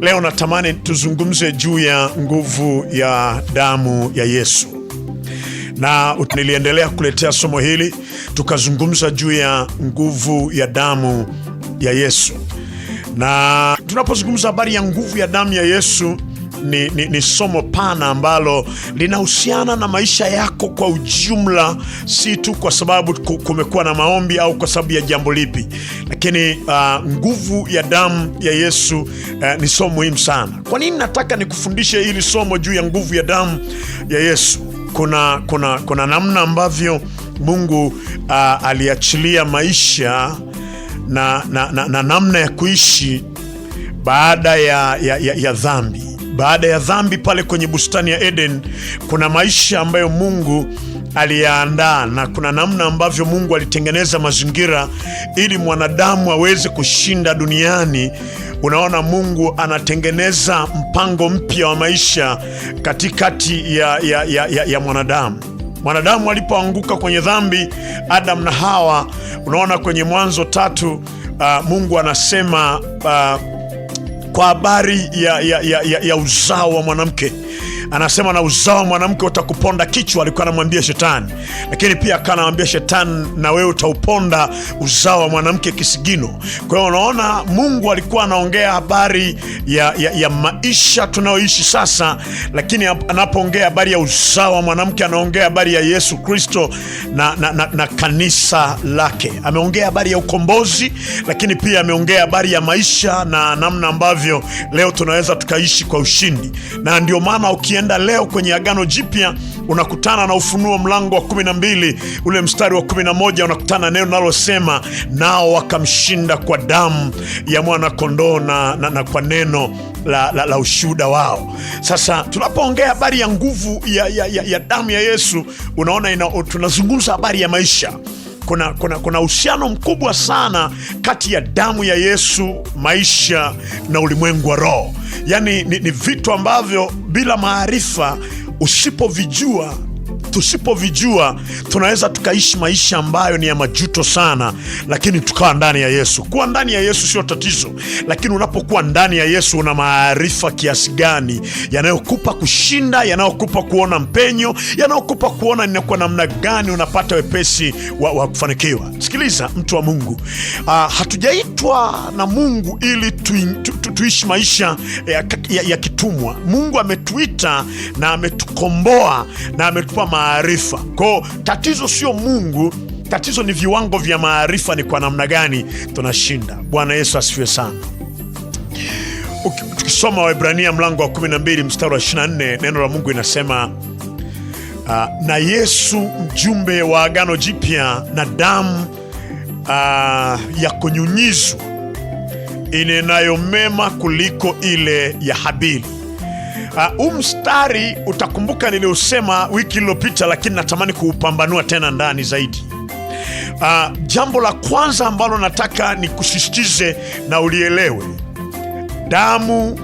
Leo natamani tuzungumze juu ya nguvu ya damu ya Yesu, na niliendelea kuletea somo hili, tukazungumza juu ya nguvu ya damu ya Yesu. Na tunapozungumza habari ya nguvu ya damu ya Yesu ni, ni, ni somo pana ambalo linahusiana na maisha yako kwa ujumla, si tu kwa sababu kumekuwa na maombi au kwa sababu ya jambo lipi, lakini uh, nguvu ya damu ya Yesu uh, ni somo muhimu sana. Kwa nini nataka nikufundishe hili somo juu ya nguvu ya damu ya Yesu? Kuna, kuna, kuna namna ambavyo Mungu uh, aliachilia maisha na, na, na, na namna ya kuishi baada ya, ya, ya, ya dhambi baada ya dhambi pale kwenye bustani ya Eden, kuna maisha ambayo Mungu aliyaandaa na kuna namna ambavyo Mungu alitengeneza mazingira ili mwanadamu aweze kushinda duniani. Unaona, Mungu anatengeneza mpango mpya wa maisha katikati ya, ya, ya, ya, ya mwanadamu. Mwanadamu alipoanguka kwenye dhambi, Adam na Hawa, unaona kwenye Mwanzo tatu, uh, Mungu anasema uh, kwa habari ya, ya, ya, ya, ya uzao wa mwanamke anasema na uzao mwanamke utakuponda kichwa, alikuwa anamwambia shetani, lakini pia akawa anamwambia shetani, na wewe utauponda uzao wa mwanamke kisigino. Kwa hiyo unaona, Mungu alikuwa anaongea habari ya, ya, ya maisha tunayoishi sasa, lakini anapoongea habari ya uzao wa mwanamke anaongea habari ya Yesu Kristo na, na, na, na kanisa lake. Ameongea habari ya ukombozi, lakini pia ameongea habari ya maisha na namna ambavyo leo tunaweza tukaishi kwa ushindi, na ndio maana uki ukienda leo kwenye Agano Jipya unakutana na Ufunuo mlango wa 12 ule mstari wa 11, unakutana neno nalosema nao wakamshinda kwa damu ya mwanakondoo na, na, na kwa neno la, la, la ushuhuda wao. Sasa tunapoongea habari ya nguvu ya, ya, ya, ya damu ya Yesu, unaona ina, tunazungumza habari ya maisha kuna kuna kuna uhusiano mkubwa sana kati ya damu ya Yesu, maisha na ulimwengu wa roho. Yaani ni, ni vitu ambavyo bila maarifa, usipovijua tusipovijua tunaweza tukaishi maisha ambayo ni ya majuto sana, lakini tukawa ndani ya Yesu. Kuwa ndani ya Yesu sio tatizo, lakini unapokuwa ndani ya Yesu una maarifa kiasi gani yanayokupa kushinda, yanayokupa kuona mpenyo, yanayokupa kuona ni kwa namna gani unapata wepesi wa, wa kufanikiwa. Sikiliza mtu wa Mungu, uh, hatujaitwa na Mungu ili tuishi tu, tu, tu maisha ya, ya, ya kitumwa. Mungu ametuita na ametukomboa na ametupa maarifa kwao. Tatizo sio Mungu, tatizo ni viwango vya maarifa, ni kwa namna gani tunashinda. Bwana Yesu asifiwe sana. Tukisoma Waebrania mlango wa 12 mstari wa 24, neno la Mungu inasema uh, na Yesu mjumbe wa agano jipya na damu uh, ya kunyunyizwa inenayo mema kuliko ile ya Habili Ah, huu uh, mstari utakumbuka niliusema wiki iliyopita, lakini natamani kuupambanua tena ndani zaidi. Uh, jambo la kwanza ambalo nataka ni kusistize na ulielewe, damu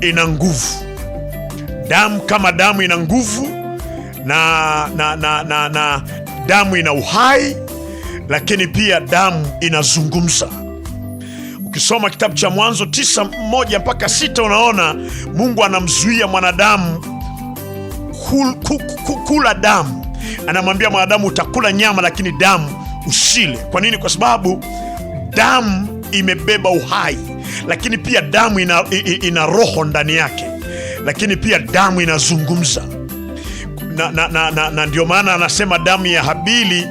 ina nguvu. Damu kama damu ina nguvu na, na, na, na, na damu ina uhai, lakini pia damu inazungumza ukisoma kitabu cha Mwanzo tisa moja mpaka sita unaona Mungu anamzuia mwanadamu kul, kul, kul, kula damu. Anamwambia mwanadamu utakula nyama, lakini damu usile. Kwa nini? Kwa sababu damu imebeba uhai, lakini pia damu ina, ina roho ndani yake, lakini pia damu inazungumza na, na, na, na, na ndio maana anasema damu ya Habili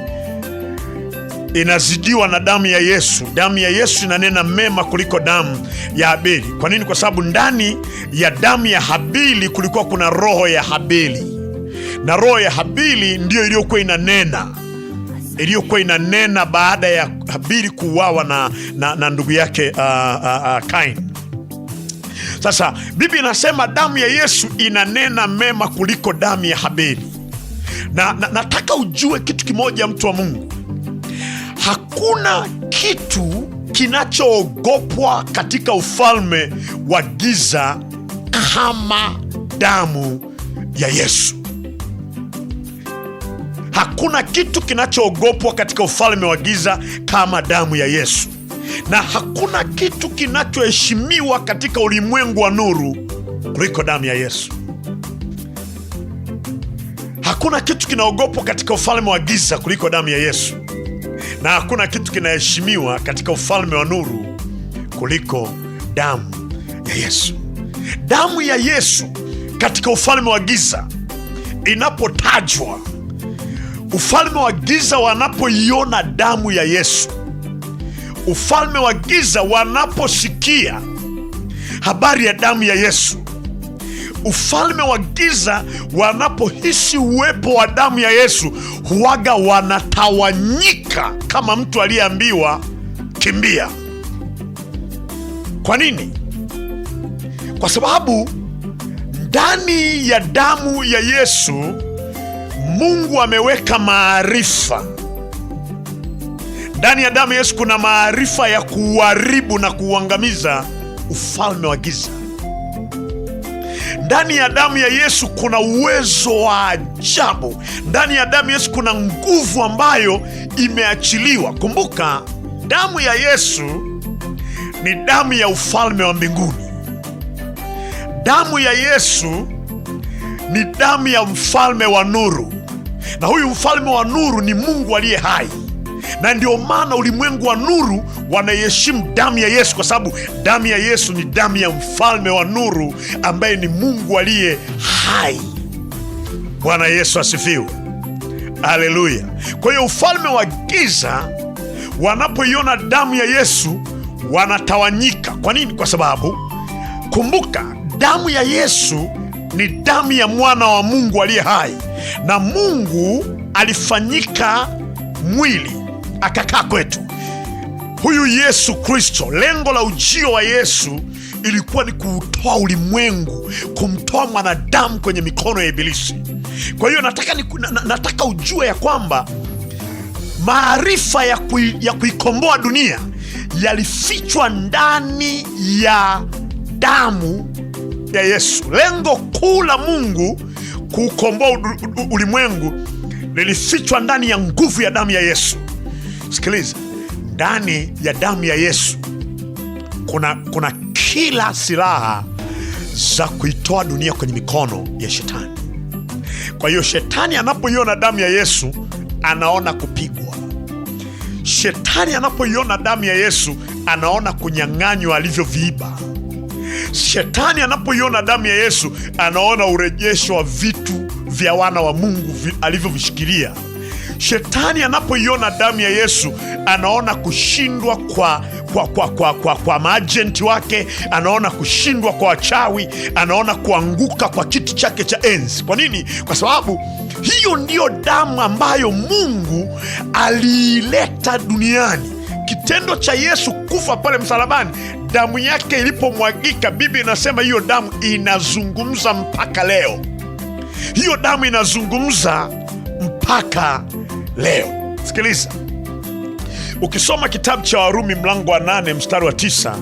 inazidiwa na damu ya Yesu. Damu ya Yesu inanena mema kuliko damu ya Habili. Kwa nini? Kwa sababu ndani ya damu ya Habili kulikuwa kuna roho ya Habili, na roho ya Habili ndiyo iliyokuwa inanena iliyokuwa inanena baada ya Habili kuuawa na, na, na ndugu yake uh, uh, uh, Kain. Sasa Biblia inasema damu ya Yesu inanena mema kuliko damu ya Habili, na nataka ujue kitu kimoja, mtu wa Mungu Hakuna kitu kinachoogopwa katika ufalme wa giza kama damu ya Yesu. Hakuna kitu kinachoogopwa katika ufalme wa giza kama damu ya Yesu, na hakuna kitu kinachoheshimiwa katika ulimwengu wa nuru kuliko damu ya Yesu. Hakuna kitu kinaogopwa katika ufalme wa giza kuliko damu ya Yesu na hakuna kitu kinaheshimiwa katika ufalme wa nuru kuliko damu ya Yesu. Damu ya Yesu katika ufalme wa giza inapotajwa, ufalme wa giza wanapoiona damu ya Yesu, ufalme wa giza wanaposikia habari ya damu ya Yesu ufalme wa giza wanapohisi uwepo wa damu ya Yesu huwaga wanatawanyika kama mtu aliyeambiwa kimbia. Kwa nini? Kwa sababu ndani ya damu ya Yesu Mungu ameweka maarifa. Ndani ya damu ya Yesu kuna maarifa ya kuuharibu na kuuangamiza ufalme wa giza. Ndani ya damu ya Yesu kuna uwezo wa ajabu. Ndani ya damu ya Yesu kuna nguvu ambayo imeachiliwa. Kumbuka, damu ya Yesu ni damu ya ufalme wa mbinguni. Damu ya Yesu ni damu ya mfalme wa nuru, na huyu mfalme wa nuru ni Mungu aliye hai na ndio maana ulimwengu wa nuru wanaiheshimu damu ya Yesu, kwa sababu damu ya Yesu ni damu ya mfalme wa nuru ambaye ni Mungu aliye hai. Bwana Yesu asifiwe, haleluya. Kwa hiyo ufalme wa giza wanapoiona damu ya Yesu wanatawanyika. Kwa nini? Kwa sababu kumbuka, damu ya Yesu ni damu ya mwana wa Mungu aliye hai, na Mungu alifanyika mwili akakaa kwetu. Huyu Yesu Kristo, lengo la ujio wa Yesu ilikuwa ni kuutoa ulimwengu, kumtoa mwanadamu kwenye mikono ya Ibilisi. Kwa hiyo nataka, nataka ujue ya kwamba maarifa ya, kui, ya kuikomboa dunia yalifichwa ndani ya damu ya Yesu. Lengo kuu la Mungu kuukomboa ulimwengu lilifichwa ndani ya nguvu ya damu ya Yesu sikiliza, ndani ya damu ya Yesu kuna, kuna kila silaha za kuitoa dunia kwenye mikono ya shetani. Kwa hiyo shetani anapoiona damu ya Yesu anaona kupigwa. Shetani anapoiona damu ya Yesu anaona kunyang'anywa alivyoviiba. Shetani anapoiona damu ya Yesu anaona urejesho wa vitu vya wana wa Mungu alivyovishikilia. Shetani anapoiona damu ya Yesu anaona kushindwa kwa kwa, kwa, kwa, kwa, kwa maajenti wake, anaona kushindwa kwa wachawi, anaona kuanguka kwa kiti chake cha enzi. Kwa nini? Kwa sababu hiyo ndiyo damu ambayo Mungu aliileta duniani. Kitendo cha Yesu kufa pale msalabani, damu yake ilipomwagika, Biblia inasema hiyo damu inazungumza mpaka leo. Hiyo damu inazungumza mpaka leo. Sikiliza, ukisoma kitabu cha Warumi mlango wa nane mstari wa tisa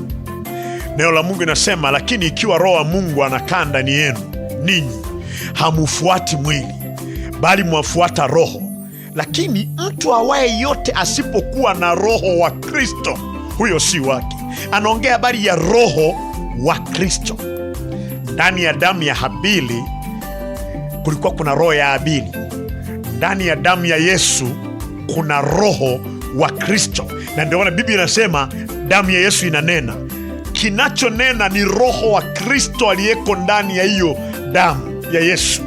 neno la Mungu inasema, lakini ikiwa Roho wa Mungu anakaa ndani yenu, ninyi hamufuati mwili, bali mwafuata Roho. Lakini mtu awaye yote asipokuwa na Roho wa Kristo, huyo si wake. Anaongea habari ya Roho wa Kristo. Ndani ya damu ya Habili kulikuwa kuna roho ya Habili ndani ya damu ya Yesu kuna roho wa Kristo, na ndio maana Biblia inasema damu ya Yesu inanena. Kinachonena ni roho wa Kristo aliyeko ndani ya hiyo damu ya Yesu,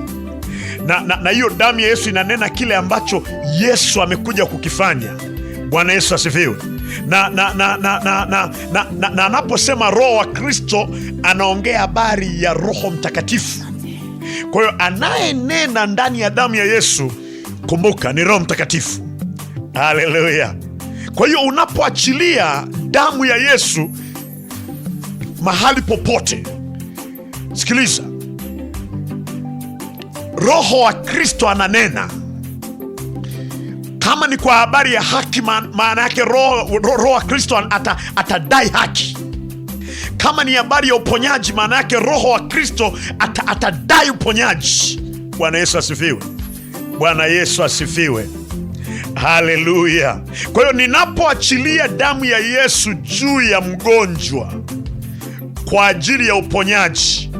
na, na, na hiyo damu ya Yesu inanena kile ambacho Yesu amekuja kukifanya. Bwana Yesu asifiwe. Na na na na na na na na na anaposema roho wa Kristo anaongea habari ya Roho Mtakatifu. Kwa hiyo anayenena ndani ya damu ya Yesu Kumbuka ni Roho Mtakatifu. Haleluya! Kwa hiyo unapoachilia damu ya Yesu mahali popote, sikiliza, Roho wa Kristo ananena. Kama ni kwa habari ya haki, maana yake Roho, Roho wa Kristo ata, atadai haki. Kama ni habari ya uponyaji, maana yake Roho wa Kristo ata, atadai uponyaji. Bwana Yesu asifiwe. Bwana Yesu asifiwe. Haleluya! Kwa hiyo ninapoachilia damu ya Yesu juu ya mgonjwa kwa ajili ya uponyaji,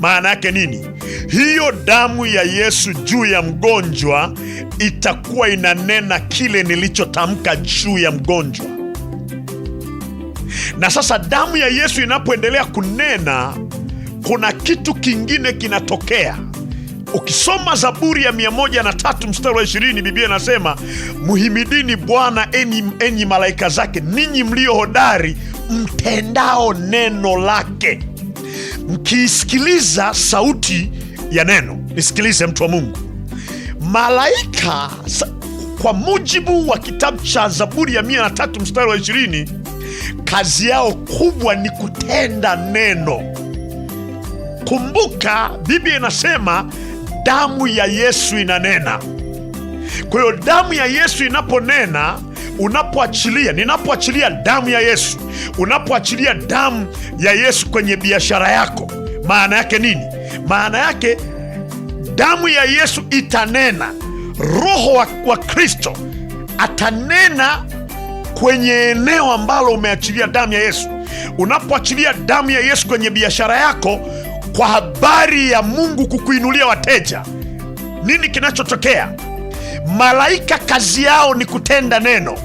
maana yake nini? Hiyo damu ya Yesu juu ya mgonjwa itakuwa inanena kile nilichotamka juu ya mgonjwa. Na sasa damu ya Yesu inapoendelea kunena, kuna kitu kingine kinatokea Ukisoma Zaburi ya mia moja na tatu mstari wa ishirini Biblia inasema mhimidini Bwana enyi, enyi malaika zake, ninyi mlio hodari mtendao neno lake, mkiisikiliza sauti ya neno. Nisikilize mtu wa Mungu, malaika kwa mujibu wa kitabu cha Zaburi ya mia na tatu mstari wa ishirini kazi yao kubwa ni kutenda neno. Kumbuka Biblia inasema damu ya Yesu inanena. Kwa hiyo damu ya Yesu inaponena, unapoachilia, ninapoachilia damu ya Yesu, unapoachilia damu ya Yesu kwenye biashara yako, maana yake nini? Maana yake damu ya Yesu itanena, Roho wa, wa Kristo atanena kwenye eneo ambalo umeachilia damu ya Yesu. Unapoachilia damu ya Yesu kwenye biashara yako kwa habari ya Mungu kukuinulia wateja, nini kinachotokea? Malaika kazi yao ni kutenda neno.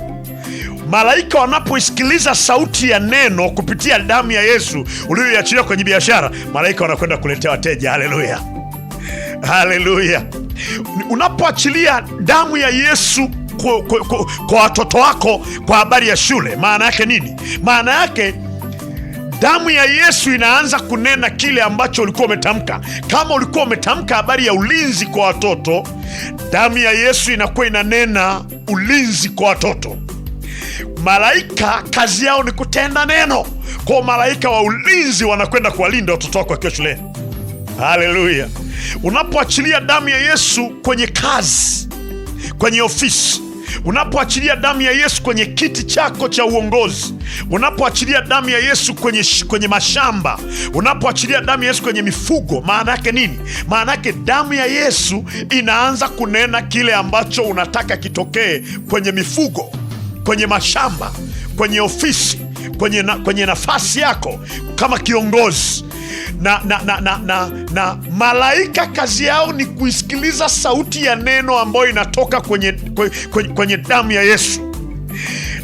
Malaika wanapoisikiliza sauti ya neno kupitia damu ya Yesu uliyoiachilia kwenye biashara, malaika wanakwenda kuletea wateja. Haleluya, haleluya! Unapoachilia damu ya Yesu kwa watoto wako kwa habari ya shule, maana yake nini? Maana yake Damu ya Yesu inaanza kunena kile ambacho ulikuwa umetamka. Kama ulikuwa umetamka habari ya ulinzi kwa watoto, damu ya Yesu inakuwa inanena ulinzi kwa watoto. Malaika kazi yao ni kutenda neno, kwa malaika wa ulinzi wanakwenda kuwalinda watoto wako wakiwa shuleni. Haleluya! Unapoachilia damu ya Yesu kwenye kazi, kwenye ofisi unapoachilia damu ya Yesu kwenye kiti chako cha uongozi, unapoachilia damu ya Yesu kwenye, kwenye mashamba, unapoachilia damu ya Yesu kwenye mifugo, maana yake nini? Maana yake damu ya Yesu inaanza kunena kile ambacho unataka kitokee kwenye mifugo, kwenye mashamba, kwenye ofisi kwenye, na, kwenye nafasi yako kama kiongozi na, na, na, na, na, na malaika kazi yao ni kuisikiliza sauti ya neno ambayo inatoka kwenye, kwenye, kwenye damu ya Yesu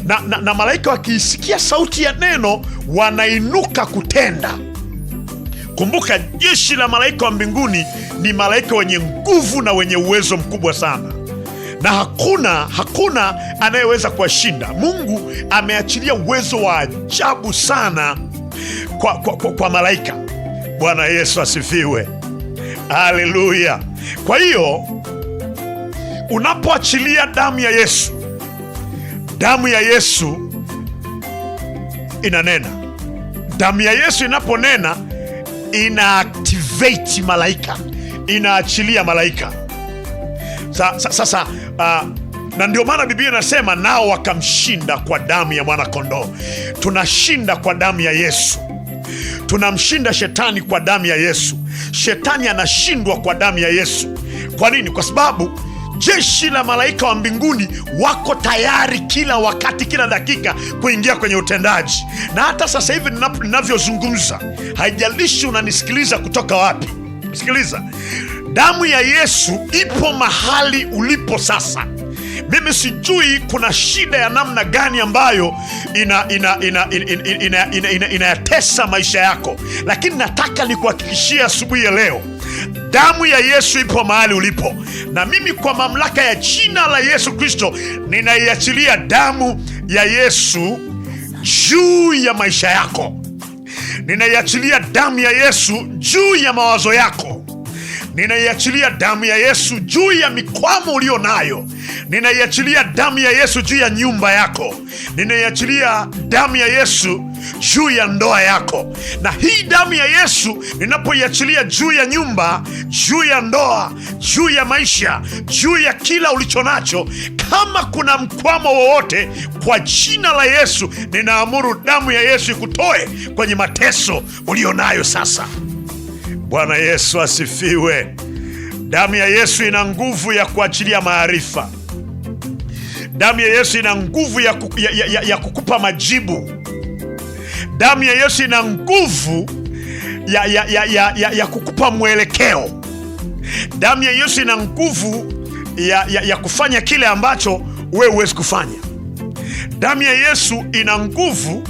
na, na, na malaika wakiisikia sauti ya neno wanainuka kutenda. Kumbuka, jeshi la malaika wa mbinguni ni malaika wenye nguvu na wenye uwezo mkubwa sana na hakuna hakuna anayeweza kuwashinda. Mungu ameachilia uwezo wa ajabu sana kwa, kwa, kwa, kwa malaika. Bwana Yesu asifiwe, haleluya. Kwa hiyo unapoachilia damu ya Yesu, damu ya Yesu inanena. Damu ya Yesu inaponena, inaaktiveti malaika, inaachilia malaika sasa sa, sa, uh, na ndio maana Biblia inasema nao wakamshinda kwa damu ya mwanakondoo. Tunashinda kwa damu ya Yesu, tunamshinda shetani kwa damu ya Yesu. Shetani anashindwa kwa damu ya Yesu. Kwa nini? Kwa sababu jeshi la malaika wa mbinguni wako tayari kila wakati, kila dakika kuingia kwenye utendaji. Na hata sasa hivi ninavyozungumza, haijalishi unanisikiliza kutoka wapi, sikiliza Damu ya Yesu ipo mahali ulipo sasa. Mimi sijui kuna shida ya namna gani ambayo inayatesa ina, ina, ina, ina, ina, ina, ina maisha yako, lakini nataka nikuhakikishie asubuhi ya leo damu ya Yesu ipo mahali ulipo, na mimi kwa mamlaka ya jina la Yesu Kristo ninaiachilia damu ya Yesu juu ya maisha yako, ninaiachilia damu ya Yesu juu ya mawazo yako ninaiachilia damu ya Yesu juu ya mikwamo ulio nayo. Ninaiachilia damu ya Yesu juu ya nyumba yako. Ninaiachilia damu ya Yesu juu ya ndoa yako. Na hii damu ya Yesu ninapoiachilia juu ya nyumba, juu ya ndoa, juu ya maisha, juu ya kila ulicho nacho, kama kuna mkwamo wowote, kwa jina la Yesu ninaamuru damu ya Yesu ikutoe kwenye mateso ulio nayo sasa. Bwana Yesu asifiwe. Damu ya Yesu ina nguvu ya kuachilia maarifa. Damu ya Yesu ina nguvu ya, kuku, ya, ya, ya kukupa majibu. Damu ya Yesu ina nguvu ya, ya, ya, ya, ya, ya kukupa mwelekeo. Damu ya Yesu ina nguvu ya, ya, ya kufanya kile ambacho wewe huwezi kufanya. Damu ya Yesu ina nguvu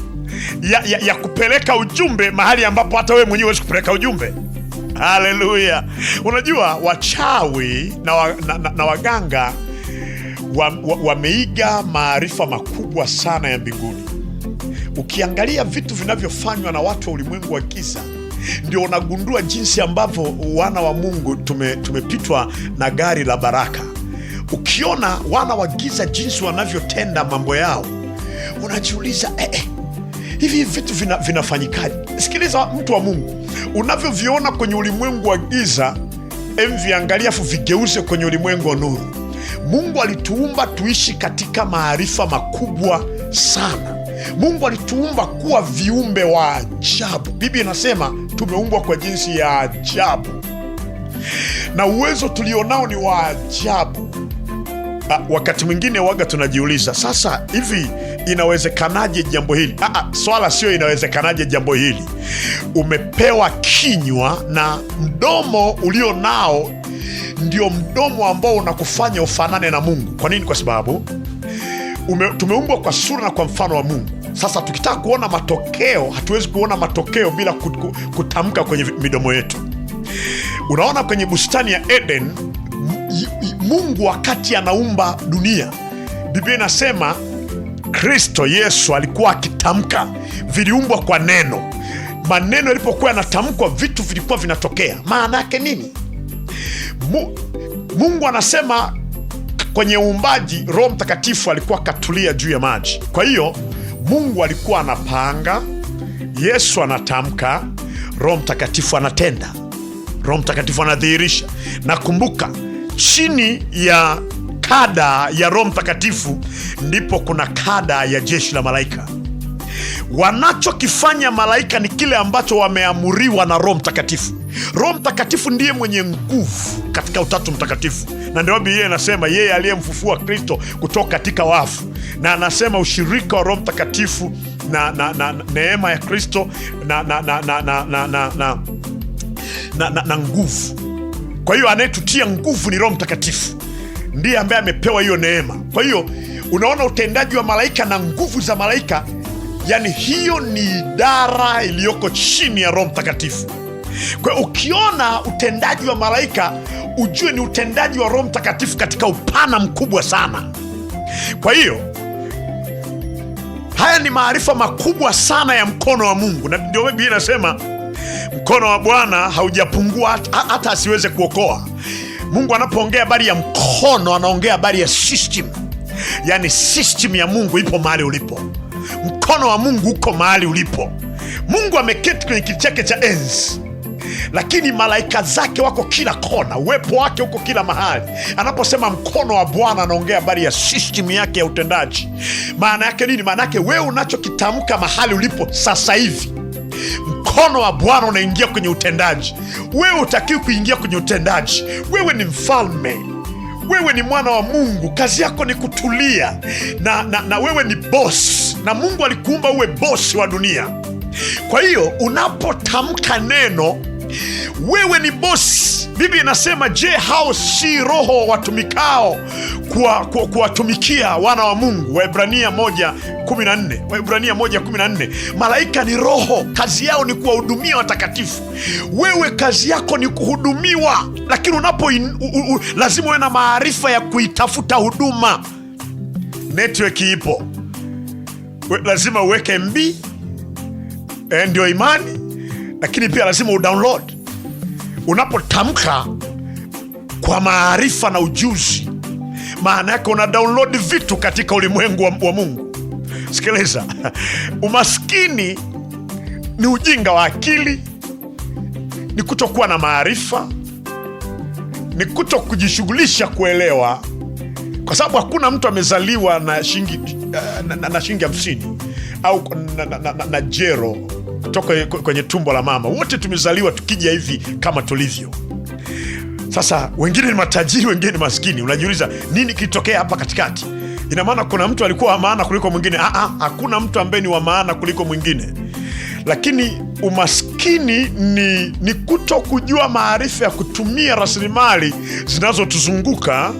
ya, ya, ya kupeleka ujumbe mahali ambapo hata wewe mwenyewe huwezi kupeleka ujumbe haleluya unajua wachawi na, wa, na, na, na waganga wameiga wa, wa maarifa makubwa sana ya mbinguni ukiangalia vitu vinavyofanywa na watu wa ulimwengu wa giza ndio unagundua jinsi ambavyo wana wa mungu tume, tumepitwa na gari la baraka ukiona wana wa giza jinsi wanavyotenda mambo yao unajiuliza eh, eh, hivi vitu vina, sikiliza mtu wa mungu unavyoviona kwenye ulimwengu wa giza, emviangaliafu vigeuze kwenye ulimwengu wa nuru. Mungu alituumba tuishi katika maarifa makubwa sana. Mungu alituumba kuwa viumbe wa ajabu. Biblia inasema tumeumbwa kwa jinsi ya ajabu, na uwezo tulionao ni wa ajabu. Ah, wakati mwingine waga tunajiuliza sasa hivi inawezekanaje jambo hili? Aa, ah, ah, swala sio inawezekanaje jambo hili. Umepewa kinywa na mdomo ulio nao ndio mdomo ambao unakufanya ufanane na Mungu. Kwa nini? Kwa sababu ume, tumeumbwa kwa sura na kwa mfano wa Mungu. Sasa tukitaka kuona matokeo, hatuwezi kuona matokeo bila kutamka kwenye midomo yetu. Unaona, kwenye bustani ya Eden Mungu wakati anaumba dunia, Biblia inasema Kristo Yesu alikuwa akitamka, viliumbwa kwa neno. Maneno yalipokuwa yanatamkwa, vitu vilikuwa vinatokea. Maana yake nini? Mu, Mungu anasema kwenye uumbaji, Roho Mtakatifu alikuwa katulia juu ya maji. Kwa hiyo Mungu alikuwa anapanga, Yesu anatamka, Roho Mtakatifu anatenda, Roho Mtakatifu anadhihirisha. Nakumbuka chini ya kada ya Roho Mtakatifu ndipo kuna kada ya jeshi la malaika. Wanachokifanya malaika ni kile ambacho wameamuriwa na Roho Mtakatifu. Roho Mtakatifu ndiye mwenye nguvu katika Utatu Mtakatifu, na ndio Biblia inasema yeye aliyemfufua Kristo kutoka katika wafu, na anasema ushirika wa Roho Mtakatifu na, na, na, na neema ya Kristo na, na, na, na, na, na, na, na, na, na nguvu. Kwa hiyo anayetutia nguvu ni Roho Mtakatifu ndiye ambaye amepewa hiyo neema. Kwa hiyo unaona utendaji wa malaika na nguvu za malaika, yani hiyo ni idara iliyoko chini ya Roho Mtakatifu. Kwa hiyo ukiona utendaji wa malaika ujue ni utendaji wa Roho Mtakatifu katika upana mkubwa sana. Kwa hiyo haya ni maarifa makubwa sana ya mkono wa Mungu, na ndio Biblia inasema mkono wa Bwana haujapungua hata asiweze kuokoa. Mungu anapoongea habari ya mkono, anaongea habari ya system, yaani system ya Mungu ipo mahali ulipo, mkono wa Mungu uko mahali ulipo. Mungu ameketi kwenye kiti chake cha enzi lakini malaika zake wako kila kona, uwepo wake huko kila mahali. Anaposema mkono wa Bwana anaongea habari ya sstem yake ya utendaji. Maana yake nini? Maana yake wewe unachokitamka mahali ulipo sasa hivi mkono wa Bwana unaingia kwenye utendaji. Wewe utakiwi kuingia kwenye utendaji. Wewe ni mfalme, wewe ni mwana wa Mungu. Kazi yako ni kutulia na, na, na wewe ni bosi, na Mungu alikuumba uwe bosi wa dunia. Kwa hiyo unapotamka neno wewe ni bosi. Biblia inasema, je, hao si roho watumikao kuwatumikia kuwa wana wa Mungu? Waebrania 1:14. Waebrania 1:14. Malaika ni roho, kazi yao ni kuwahudumia watakatifu. Wewe kazi yako ni kuhudumiwa, lakini unapo lazima uwe na maarifa ya kuitafuta huduma. Network ipo, lazima uweke mbi eh, ndio imani lakini pia lazima udownload. Unapotamka kwa maarifa na ujuzi, maana yake una download vitu katika ulimwengu wa, wa Mungu. Sikiliza, umaskini ni ujinga wa akili, ni kutokuwa na maarifa, ni kuto kujishughulisha kuelewa, kwa sababu hakuna mtu amezaliwa na shilingi eh, na, na, na shilingi hamsini au na, na, na, na, na jero toka kwenye tumbo la mama. Wote tumezaliwa tukija hivi kama tulivyo. Sasa wengine ni matajiri, wengine ni maskini. Unajiuliza nini kilitokea hapa katikati? Ina maana kuna mtu alikuwa wa maana kuliko mwingine? Aa, ah, ah, hakuna mtu ambaye ni wa maana kuliko mwingine, lakini umaskini ni, ni kuto kujua maarifa ya kutumia rasilimali zinazotuzunguka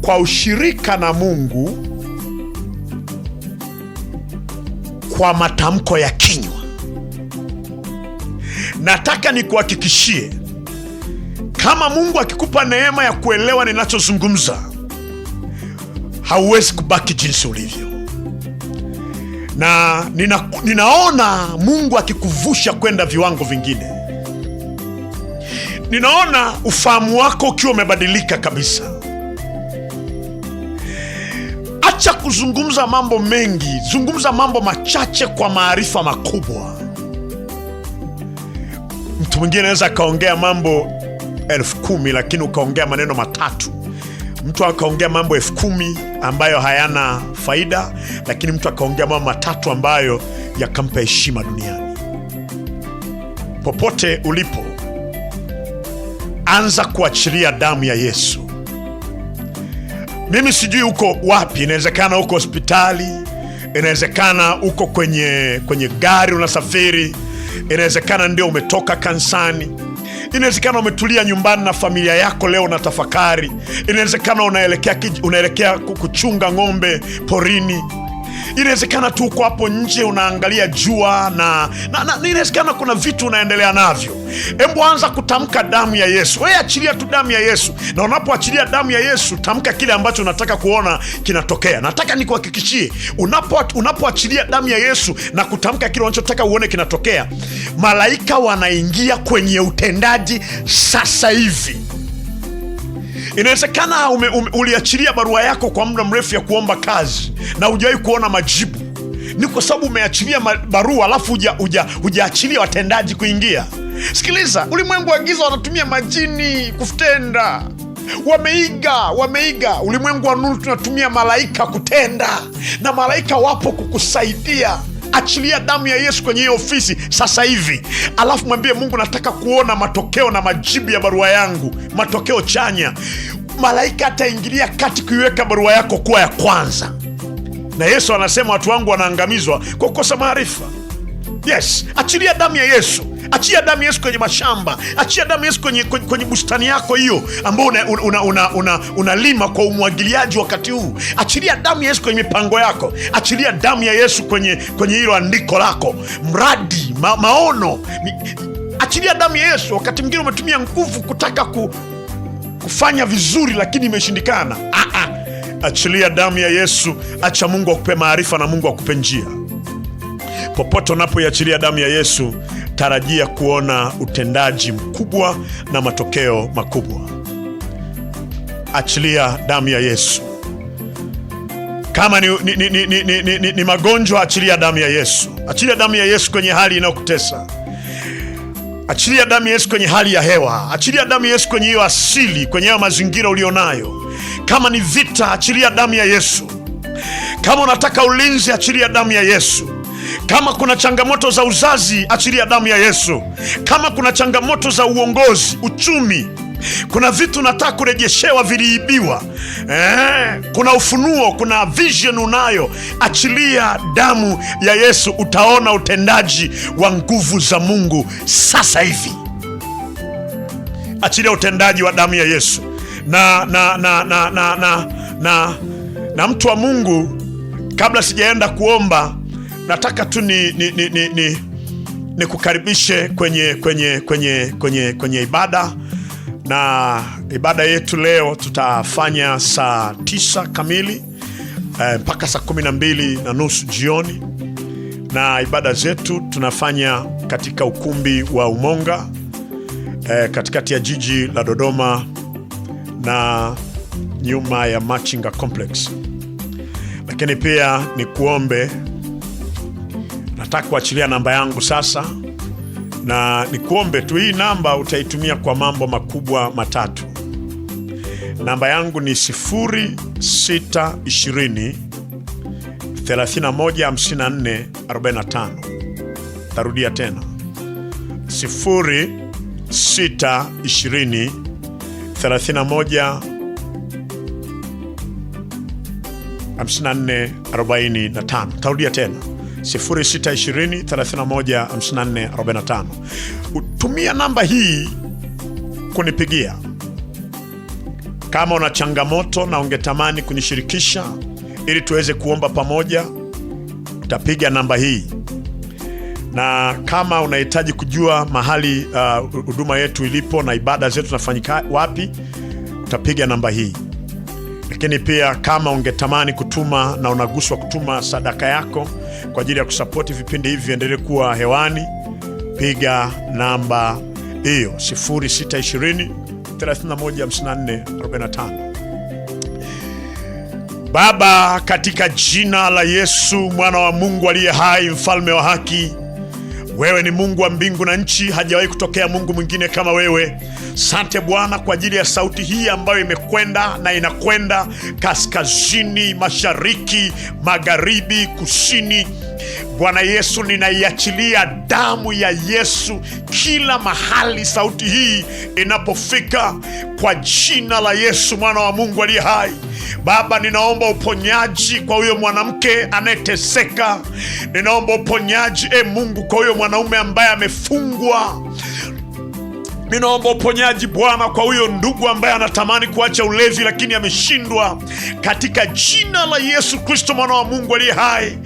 kwa ushirika na Mungu kwa matamko ya kinywa. Nataka nikuhakikishie, kama Mungu akikupa neema ya kuelewa ninachozungumza, hauwezi kubaki jinsi ulivyo, na nina, ninaona Mungu akikuvusha kwenda viwango vingine. Ninaona ufahamu wako ukiwa umebadilika kabisa acha kuzungumza mambo mengi, zungumza mambo machache kwa maarifa makubwa. Mtu mwingine anaweza akaongea mambo elfu kumi lakini ukaongea maneno matatu. Mtu akaongea mambo elfu kumi ambayo hayana faida, lakini mtu akaongea mambo matatu ambayo yakampa heshima duniani. Popote ulipo, anza kuachilia damu ya Yesu mimi sijui uko wapi. Inawezekana uko hospitali, inawezekana uko kwenye kwenye gari unasafiri, inawezekana ndio umetoka kansani inawezekana umetulia nyumbani na familia yako leo na tafakari, inawezekana unaelekea, unaelekea kuchunga ng'ombe porini inawezekana tu uko hapo nje unaangalia jua na, na, na inawezekana kuna vitu unaendelea navyo. Hebu anza kutamka damu ya Yesu. wee achilia tu damu ya Yesu, na unapoachilia damu ya Yesu, tamka kile ambacho unataka kuona kinatokea. Nataka nikuhakikishie, unapoachilia unapo damu ya Yesu na kutamka kile unachotaka uone kinatokea, malaika wanaingia kwenye utendaji sasa hivi. Inawezekana uliachilia barua yako kwa muda mrefu ya kuomba kazi na hujawahi kuona majibu. Ni kwa sababu umeachilia barua alafu hujaachilia watendaji kuingia. Sikiliza, ulimwengu wa giza wanatumia majini kutenda, wameiga wameiga. Ulimwengu wa nuru tunatumia malaika kutenda, na malaika wapo kukusaidia achilia damu ya Yesu kwenye hiyo ofisi sasa hivi, alafu mwambie Mungu, nataka kuona matokeo na majibu ya barua yangu, matokeo chanya. Malaika ataingilia kati kuiweka barua yako kuwa ya kwanza. Na Yesu anasema watu wangu wanaangamizwa kwa kukosa maarifa. Yes, achilia damu ya Yesu. Achia damu Yesu kwenye mashamba, achia damu Yesu kwenye, kwenye, kwenye bustani yako hiyo ambao unalima una, una, una, una kwa umwagiliaji wakati huu. Achilia damu ya Yesu kwenye mipango yako, achilia damu ya Yesu kwenye kwenye hilo andiko lako, mradi ma, maono mi, achilia damu ya Yesu. Wakati mwingine umetumia nguvu kutaka ku, kufanya vizuri, lakini imeshindikana. Ah, ah. Achilia damu ya Yesu, acha Mungu akupe maarifa na Mungu akupe njia popote unapoiachilia damu ya Yesu tarajia kuona utendaji mkubwa na matokeo makubwa. Achilia damu ya Yesu. Kama ni, ni, ni, ni, ni, ni, ni, ni magonjwa, achilia damu ya Yesu. Achilia damu ya Yesu kwenye hali inayokutesa. Achilia damu ya Yesu kwenye hali ya hewa. Achilia damu ya Yesu kwenye hiyo asili, kwenye hayo mazingira ulionayo. Kama ni vita, achilia damu ya Yesu. Kama unataka ulinzi, achilia damu ya Yesu. Kama kuna changamoto za uzazi, achilia damu ya Yesu. Kama kuna changamoto za uongozi, uchumi kuna vitu nataka kurejeshewa, viliibiwa eh. Kuna ufunuo, kuna vision unayo, achilia damu ya Yesu. Utaona utendaji wa nguvu za Mungu sasa hivi. Achilia utendaji wa damu ya Yesu. Na na na na na na, na, na mtu wa Mungu, kabla sijaenda kuomba nataka tu ni, ni, ni, ni, ni, nikukaribishe kwenye, kwenye, kwenye, kwenye, kwenye ibada na ibada yetu leo tutafanya saa tisa kamili eh, mpaka saa kumi na mbili na nusu jioni, na ibada zetu tunafanya katika ukumbi wa Umonga eh, katikati ya jiji la Dodoma na nyuma ya Machinga Complex, lakini pia ni kuombe nataka kuachilia namba yangu sasa, na nikuombe tu hii namba utaitumia kwa mambo makubwa matatu. Namba yangu ni 0620 3154 Tarudia tena 62 31 54 45. Tarudia tena 0620 Tumia namba hii kunipigia kama una changamoto na ungetamani kunishirikisha ili tuweze kuomba pamoja, utapiga namba hii. Na kama unahitaji kujua mahali uh, huduma uh, yetu ilipo na ibada zetu zinafanyika wapi, utapiga namba hii. Lakini pia kama ungetamani kutuma na unaguswa kutuma sadaka yako kwa ajili ya kusapoti vipindi hivi viendelee kuwa hewani, piga namba hiyo 0620 Baba, katika jina la Yesu mwana wa Mungu aliye hai, mfalme wa haki, wewe ni Mungu wa mbingu na nchi, hajawahi kutokea Mungu mwingine kama wewe. Sante Bwana kwa ajili ya sauti hii ambayo imekwenda na inakwenda kaskazini, mashariki, magharibi, kusini. Bwana Yesu, ninaiachilia damu ya Yesu kila mahali sauti hii inapofika, kwa jina la Yesu mwana wa Mungu aliye hai. Baba, ninaomba uponyaji kwa huyo mwanamke anayeteseka. Ninaomba uponyaji, e Mungu, kwa huyo mwanaume ambaye amefungwa ninaomba naomba uponyaji Bwana kwa huyo ndugu ambaye anatamani kuacha ulevi lakini ameshindwa, katika jina la Yesu Kristo mwana wa Mungu aliye hai,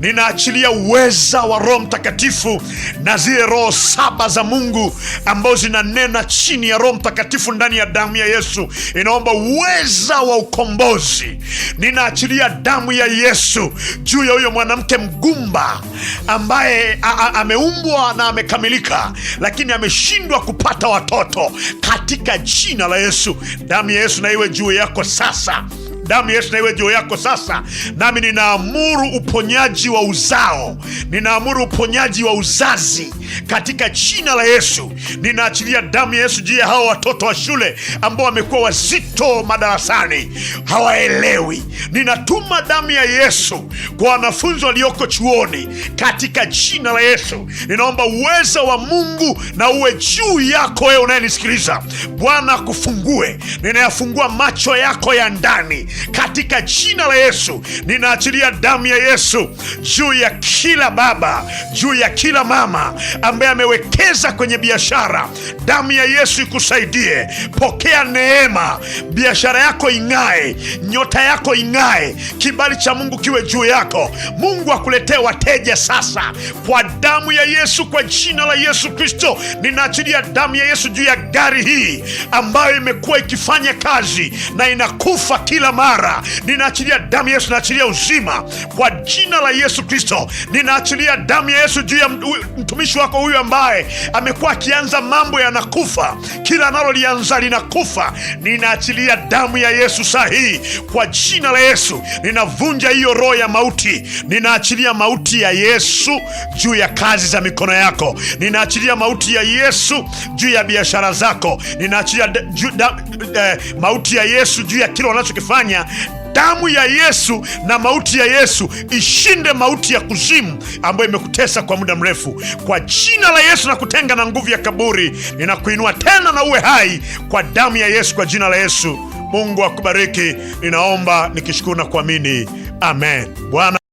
ninaachilia uweza wa Roho Mtakatifu na zile roho saba za Mungu ambazo zinanena chini ya Roho Mtakatifu ndani ya damu ya Yesu. Inaomba uweza wa ukombozi, ninaachilia damu ya Yesu juu ya huyo mwanamke mgumba ambaye ameumbwa na amekamilika, lakini ameshindwa kupata watoto katika jina la Yesu. Damu ya Yesu na iwe juu yako sasa. Damu Yesu na iwe juu yako sasa, nami ninaamuru uponyaji wa uzao, ninaamuru uponyaji wa uzazi katika jina la Yesu. Ninaachilia damu ya Yesu juu ya hawa watoto wa shule ambao wamekuwa wazito madarasani, hawaelewi. Ninatuma damu ya Yesu kwa wanafunzi walioko chuoni katika jina la Yesu. Ninaomba uweza wa Mungu na uwe juu yako wewe unayenisikiliza. Bwana kufungue, ninayafungua macho yako ya ndani katika jina la Yesu. Ninaachilia damu ya Yesu juu ya kila baba, juu ya kila mama ambaye amewekeza kwenye biashara. Damu ya Yesu ikusaidie. Pokea neema, biashara yako ing'ae, nyota yako ing'ae, kibali cha Mungu kiwe juu yako. Mungu akuletee wateja sasa, kwa damu ya Yesu, kwa jina la Yesu Kristo. Ninaachilia damu ya Yesu juu ya gari hii ambayo imekuwa ikifanya kazi na inakufa kila mara barabara, ninaachilia damu ya Yesu, naachilia uzima kwa jina la Yesu Kristo. Ninaachilia damu ya Yesu juu ya mtumishi wako huyu ambaye amekuwa akianza mambo yanakufa, kila analolianza linakufa. Ninaachilia damu ya Yesu saa hii kwa jina la Yesu, ninavunja hiyo roho ya mauti. Ninaachilia mauti ya Yesu juu ya kazi za mikono yako, ninaachilia mauti ya Yesu juu ya biashara zako, ninaachilia eh, mauti ya Yesu juu ya kile wanachokifanya kufanya damu ya Yesu na mauti ya Yesu ishinde mauti ya kuzimu ambayo imekutesa kwa muda mrefu. Kwa jina la Yesu na kutenga na nguvu ya kaburi, ninakuinua tena na uwe hai kwa damu ya Yesu, kwa jina la Yesu. Mungu akubariki. Ninaomba nikishukuru na kuamini, amen. Bwana